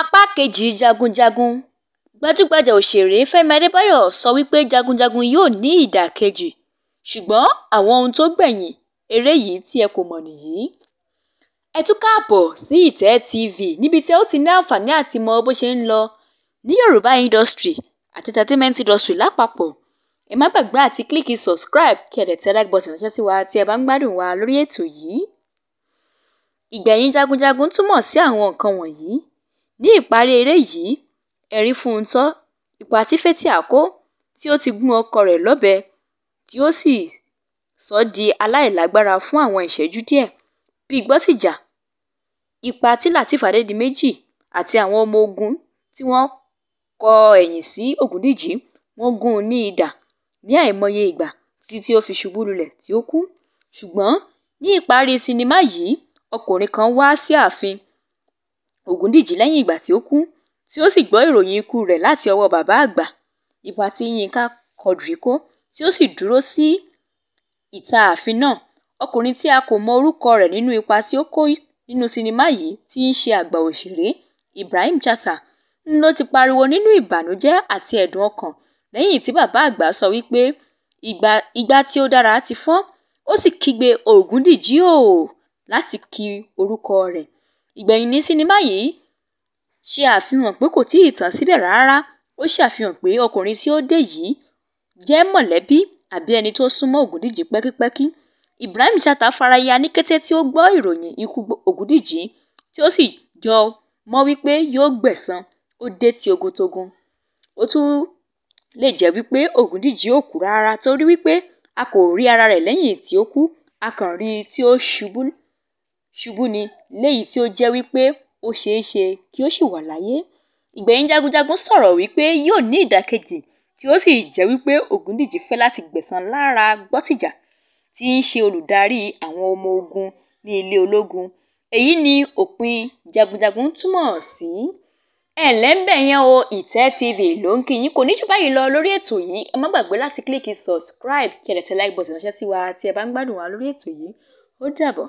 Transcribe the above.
apá kejì jagunjagun gbajúgbajà òṣèré fẹmi adébáyò sọ wípé jagunjagun yóò ní ìdàkejì ṣùgbọn àwọn ohun tó gbẹyìn eré yìí tí ẹ kò mọ nìyí ẹ tún káàbọ̀ sí ìtẹ́ tv níbi tí ẹ ó ti ní àǹfààní àti mọ bó ṣe ń lọ ní yorùbá industry àti entertainment industry lápapọ̀ ẹ má gbàgbé àti kílíkì subscribe kí ẹ dẹ̀ tẹ like button ránṣẹ́ sí wa tí ẹ bá ń gbádùn wa lórí ètò yìí ìgbẹ̀yìn jagunjagun túmọ̀ sí àwọn nǹkan wọ̀nyí Ní ìparí eré yìí, ẹ̀rín fún un tán ipa tí Fleischer kó tí ó ti gún ọkọ rẹ̀ lọ́bẹ tí ó sì sọ ọ́ di aláìlágbára fún àwọn ìṣẹ́jú díẹ̀ bí igbó ti jà, ipa tí Lateef Adédìméjì àti àwọn ọmọ ogun tí wọ́n kọ ẹ̀yìn sí Ògúndíjì, wọ́n gún un ní idà ní àìmọye ìgbà títí ó fi ṣubú lulẹ̀ tí ó kú. Ṣùgbọ́n ní ìparí sinimá yìí, ọkùnrin kan wá sí ààfin Ògúndíjì lẹ́yìn ìgbà tí ó kú tí ó sì gbọ́ ìròyìn ikú rẹ̀ láti ọwọ́ bàbá àgbà. Ipa tí Yínká Quadri kó tí ó sì dúró sí ìta ààfin náà. Ọkùnrin tí a kò mọ orúkọ rẹ̀ nínú ipa tí ó kó nínú sinimá yìí tí í ṣe àgbà òṣèré Ibrahim Chatta ń ló ti pariwo nínú ìbànújẹ́ àti ẹ̀dùn ọkàn lẹ́yìn tí bàbá àgbà sọ wípé "Igbá tí ó dára ti fọ́" ó sì kígbe "Ògúndíjì o" láti ki orúkọ rẹ̀ ìgbẹ̀yìn ní sinimá yìí ṣe àfihàn pé kò tíì tán síbẹ̀ rárá ó ṣàfihàn pé ọkùnrin tí ó dé yìí jẹ́ mọ̀lẹ́bí àbí ẹni tó súnmọ́ Ògúndíjì pẹ́kípẹ́kí Ibrahim Chatta faraya ní kété tí ó gbọ́ ìròyìn ikú Ògúndíjì tí ó sì jọ mọ́ wípé yóò gbẹ̀san ó dé ti oguntógún ó tún lè jẹ́ wípé Ògúndíjì ò kú rárá torí wípé a kò rí ara rẹ̀ lẹ́yìn tí ó kú a kàn rí i tí ó ṣubú ṣubú ni léyìí tí ó jẹ́ wípé ó ṣeé ṣe kí ó ṣì wà láyé. Ìgbẹ̀yìn jagunjagun sọ̀rọ̀ wípé yóò ní ìdàkejì tí ó sì jẹ́ wípé Ògúndìjí fẹ́ láti gbẹ̀san lára Gbọ́tìjà tí í ṣe olùdarí àwọn ọmọ ogun ní ilé ológun. Èyí ni òpin jagunjagun túmọ̀ sí. Ẹǹlẹ́ ńbẹ̀ yẹn o Ìtẹ́ TV ló ń kí yín kò ní jù báyìí lọ lórí ètò yìí ẹ má gbàgbé láti kílíìkì subscribe kí ẹ dẹ̀ tẹ like button ránṣẹ́ sí wa tí ẹ bá ń gbádùn wa lórí ètò yìí. Ó dàbọ̀.